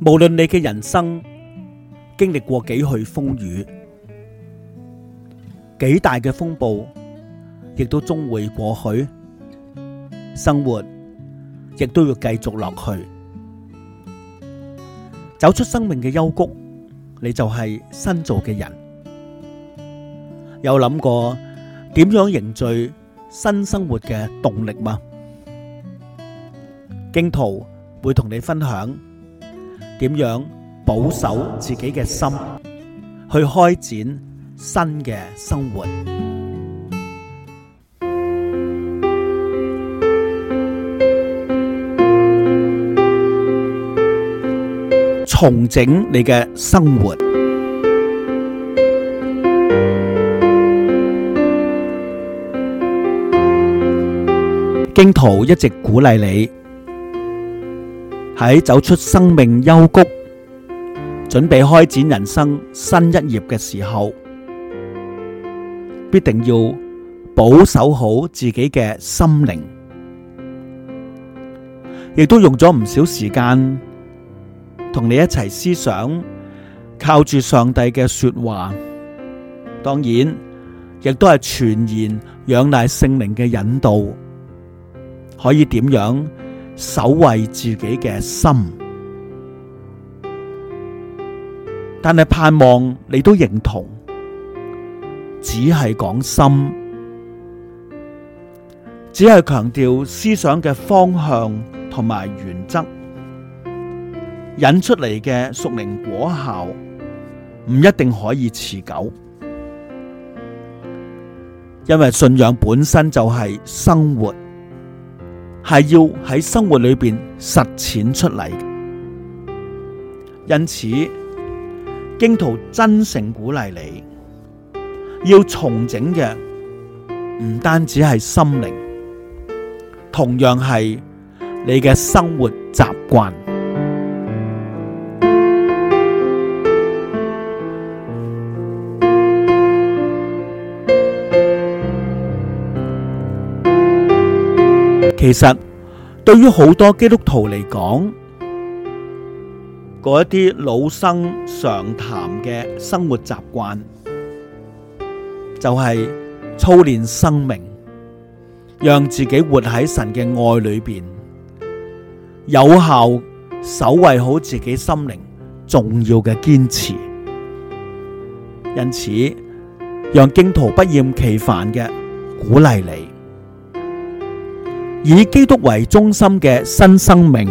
無論你嘅人生經歷過幾許風雨，幾大嘅風暴，亦都終會過去。生活亦都要繼續落去，走出生命嘅幽谷，你就係新造嘅人。有諗過點樣凝聚新生活嘅動力嗎？荊徒會同你分享。點樣保守自己嘅心，去開展新嘅生活，重整你嘅生活。荊徒一直鼓勵你。喺走出生命幽谷，準備開展人生新一頁嘅時候，必定要保守好自己嘅心靈，亦都用咗唔少時間同你一齊思想，靠住上帝嘅說話，當然亦都係全然仰賴聖靈嘅引導，可以點樣守衛自己嘅心，但係盼望你都認同，只係講心，只係強調思想嘅方向同埋原則，引出嚟嘅屬靈果效唔一定可以持久，因為信仰本身就係生活。係要喺生活裏邊實踐出嚟，因此荊徒真誠鼓勵你，要重整嘅唔單止係心靈，同樣係你嘅生活習慣。其實對於好多基督徒嚟講，嗰一啲老生常談嘅生活習慣，就係操練生命，讓自己活喺神嘅愛裏邊，有效守衛好自己心靈重要嘅堅持。因此，荊徒不厭其煩嘅鼓勵你。以基督為中心嘅新生命，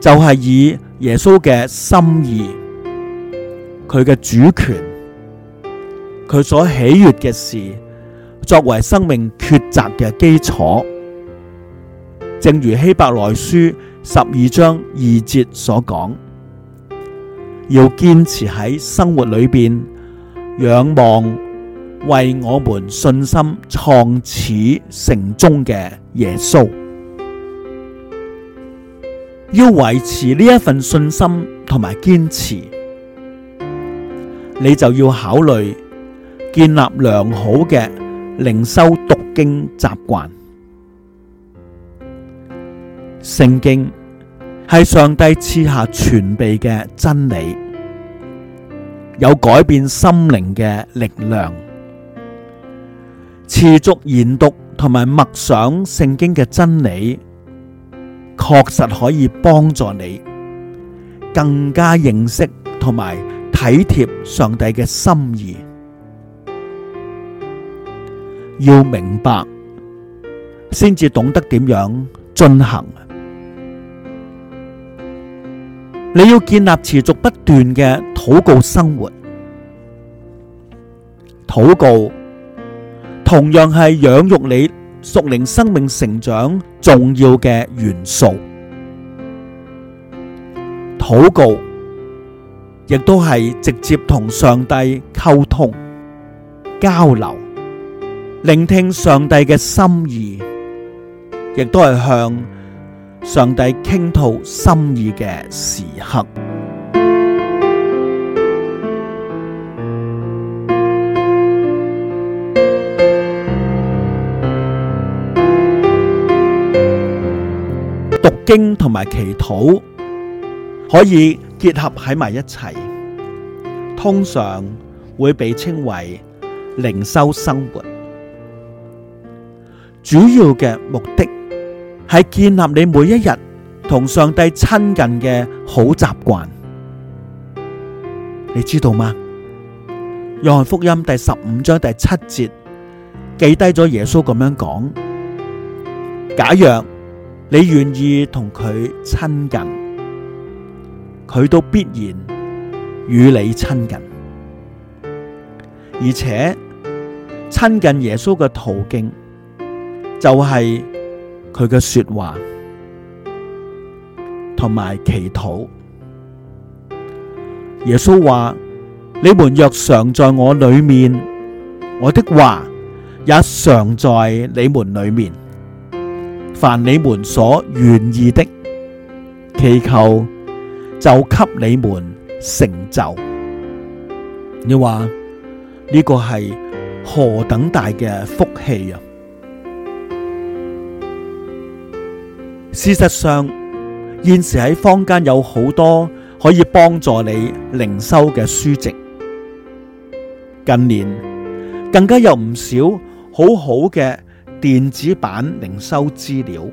就係以耶穌嘅心意、佢嘅主權、佢所喜悅嘅事，作為生命抉擇嘅基礎。正如希伯來書十二章二節所講，要堅持喺生活裏邊仰望。為我們信心創始成終嘅耶穌，要維持呢一份信心同埋堅持，你就要考慮建立良好嘅靈修讀經習慣。聖經係上帝賜下全備嘅真理，有改變心靈嘅力量。持續研讀同埋默想聖經嘅真理，確實可以幫助你更加認識同埋體貼上帝嘅心意。要明白，先至懂得點樣進行。你要建立持續不斷嘅禱告生活，禱告同樣係養育你屬靈生命成長重要嘅元素，禱告亦都係直接同上帝溝通、交流、聆聽上帝嘅心意，亦都係向上帝傾吐心意嘅時刻。經同埋祈禱可以結合喺埋一齊，通常會被稱為靈修生活。主要嘅目的係建立你每一日同上帝親近嘅好習慣，你知道嗎？約翰福音第十五章第七節記低咗耶穌咁樣講：假若你願意同佢親近，佢都必然與你親近。而且親近耶穌嘅途徑，就係佢嘅說話同埋祈禱。耶穌話：你們若常在我裏面，我的話也常在你們裏面。凡你們所願意的祈求，就給你們成就。你話呢個係何等大嘅福氣啊！事實上，現時喺坊間有好多可以幫助你靈修嘅書籍，近年更加有唔少好好嘅。電子版靈修資料，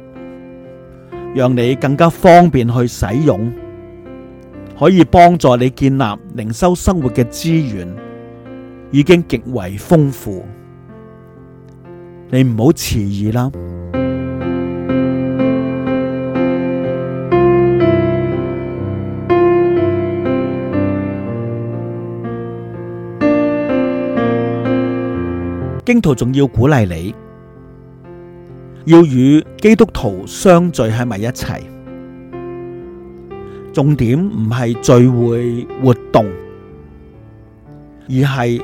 讓你更加方便去使用，可以幫助你建立靈修生活嘅資源，已經極為豐富。你唔好遲疑啦！荊徒仲要鼓勵你。要與基督徒相聚喺埋一齊，重點唔係聚會活動，而係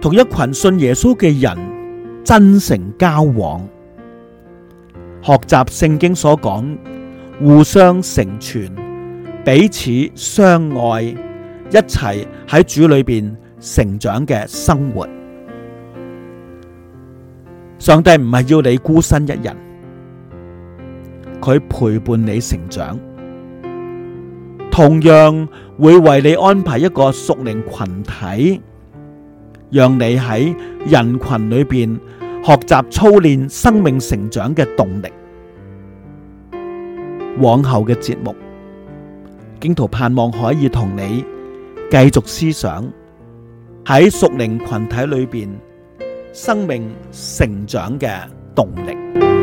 同一群信耶穌嘅人真誠交往，學習聖經所講，互相成全，彼此相愛，一齊喺主裏邊成長嘅生活。上帝唔係要你孤身一人，佢陪伴你成長，同樣會為你安排一個屬靈群體，讓你喺人群裏邊學習操練生命成長嘅動力。往後嘅節目，荊徒盼望可以同你繼續思想喺屬靈群體裏邊。生命成長嘅動力。